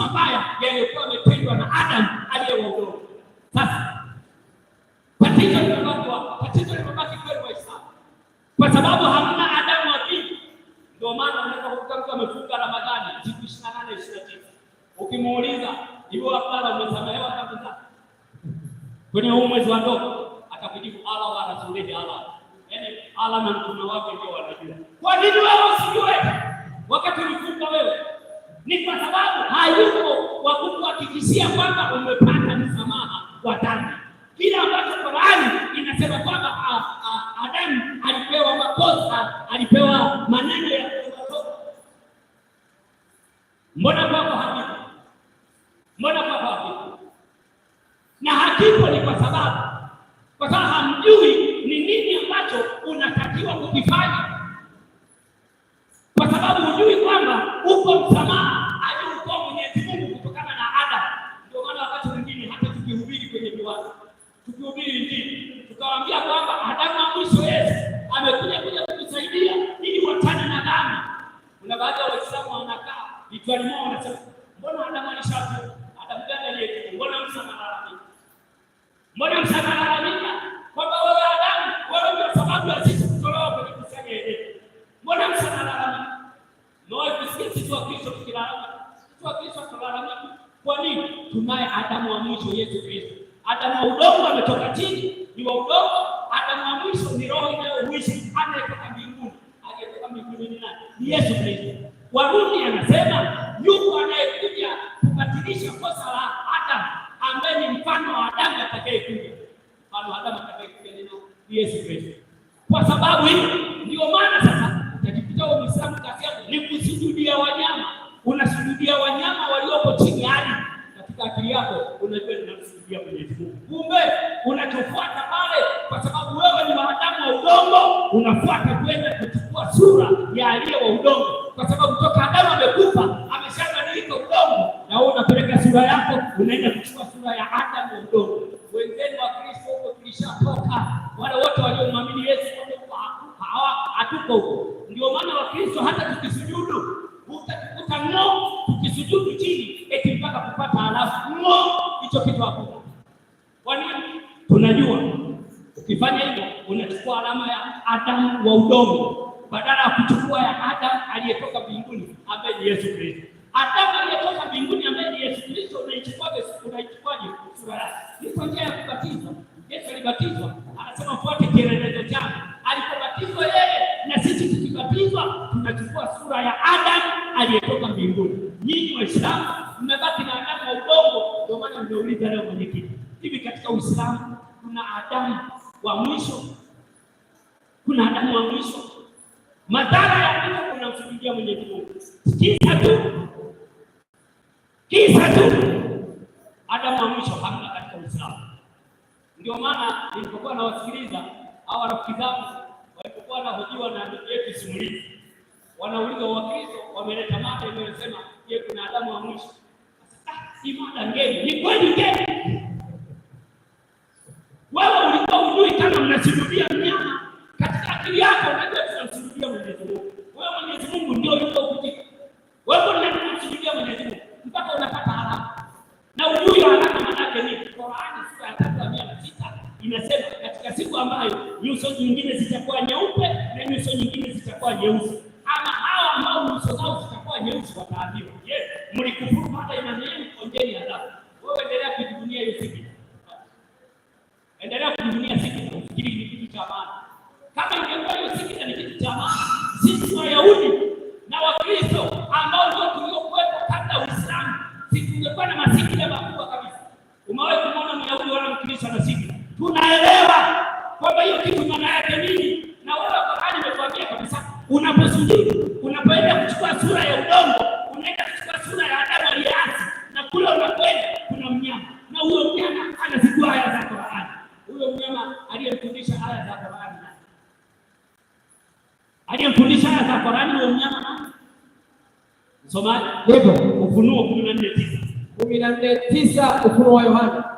mabaya yaliyokuwa yametendwa na Adam aliyeondoka. Sasa tatizo limebaki, tatizo limebaki kweli wa Waislamu, kwa sababu hamna Adamu wa pili. Ndio maana unaweza kukuta mtu amefunga Ramadhani siku ishirini na nane ishirini na tisa ukimuuliza iwapala umesamehewa kabisa kwenye huu mwezi wa ndoa, akakujibu ala wa rasulihi ala, yaani ala na mtume wake ndio wanajua. Kwa nini wao usijue wakati ulifunga wewe hayuko wa kukuhakikishia kwamba umepata msamaha wa dhambi. Kile ambacho Qur'ani inasema kwamba ah, ah, Adamu alipewa makosa, alipewa maneno ya mbona kwako hakipo, mbona kwako hakipo? Na hakipo ni kwa sababu kwa sababu hamjui ni nini ambacho unatakiwa kukifanya, kwa sababu hujui kwamba uko msamaha nikawaambia kwamba Adamu na mwisho Yesu amekuja kuja kutusaidia ili watane na dhambi. Kuna baadhi ya Waislamu wanakaa vichwani mwao wanasema, mbona Adamu alishakufa? Adamu gani aliyekufa? Mbona Musa analalamika? Mbona Musa analalamika kwamba wewe Adamu, wewe ndio sababu ya sisi kutolewa kwenye kusanya yetu. Mbona Musa analalamika? Ndio kusikia sisi wa Kristo tukilalamika. Sisi wa Kristo tunalalamika. Kwa nini? Tunaye Adamu wa mwisho Yesu Kristo. Adamu wa udongo ametoka chini, ni wa udongo. Adamu wa mwisho ni roho inayoishi hata kutoka mbinguni. Aliyetoka mbinguni ni nani? Yesu Kristo. Warumi anasema yuko anayekuja kubatilisha kosa la Adamu, ambaye ni mfano wa Adamu atakayekuja. Mfano wa Adamu atakayekuja ni nani? Yesu Kristo. Kwa sababu hiyo ndio maana sasa utajikuta wewe Muislamu, kazi yako ni kusujudia wanyama, unasujudia wanyama walioko chini ya ardhi katika akili yako, unajua ninamsikia Mwenyezi Mungu. Kumbe unachofuata pale, kwa sababu wewe ni mwanadamu wa udongo, unafuata kwenda kuchukua sura ya aliye wa udongo, kwa sababu toka Adamu amekufa, ameshabadilika udongo, na wewe unapeleka sura yako, unaenda kuchukua sura ya Adamu wa udongo. Wengine wa Kristo huko tulishatoka, wale wote waliomwamini Yesu hatuko huko. Ndio maana wa Kristo hata tukisujudu utang'o, tukisujudu chini eti mpaka kupata mo hicho kitu hapo. Kwa nini? Tunajua ukifanya hivyo unachukua alama ya Adamu wa udongo badala ya kuchukua ya Adamu aliyetoka mbinguni ambaye ni Yesu Kristo. Adamu aliyetoka mbinguni ambaye ni Yesu Kristo unaichukuaje? Unaichukuaje sura yake? Ni kwa njia ya kubatizwa. Yesu alibatizwa, anasema fuate kielelezo changu. Alipobatizwa yeye na sisi tukibatizwa tunachukua sura ya Adamu aliyetoka mbinguni. Nyinyi Waislamu mwisho, kuna Adamu wa mwisho. Madhara ya vifo kunamsujudia Mwenyezi Mungu, kisa tu kisa tu Adamu wa mwisho hamna katika Uislamu. Ndio maana nilipokuwa nawasikiliza au rafiki zangu walipokuwa wanahojiwa na ndugu yetu Simulizi, wanauliza Wakristo wameleta mada inayosema je, kuna adamu wa mwisho? Ah, si mada ngeni, ni kweli ngeni kama unasujudia mnyama katika akili yako, unajua tunamsujudia Mwenyezi Mungu. Wewe Mwenyezi Mungu ndio yuko kutika wewe, ndio unamsujudia Mwenyezi Mungu mpaka unapata haraka na ujui haraka manake ni Qur'ani sura ya tatu mia na sita inasema katika siku ambayo nyuso nyingine zitakuwa nyeupe na nyuso nyingine zitakuwa nyeusi, ama hao ambao nyuso zao zitakuwa nyeusi wataambiwa, je, mlikufuru hata imani yenu? Onjeni adhabu. Wewe endelea kujivunia hiyo siku tulishaanza Qur'ani ya mnyama msomaji, Ufunuo 14:9 14:9 Ufunuo wa Yohana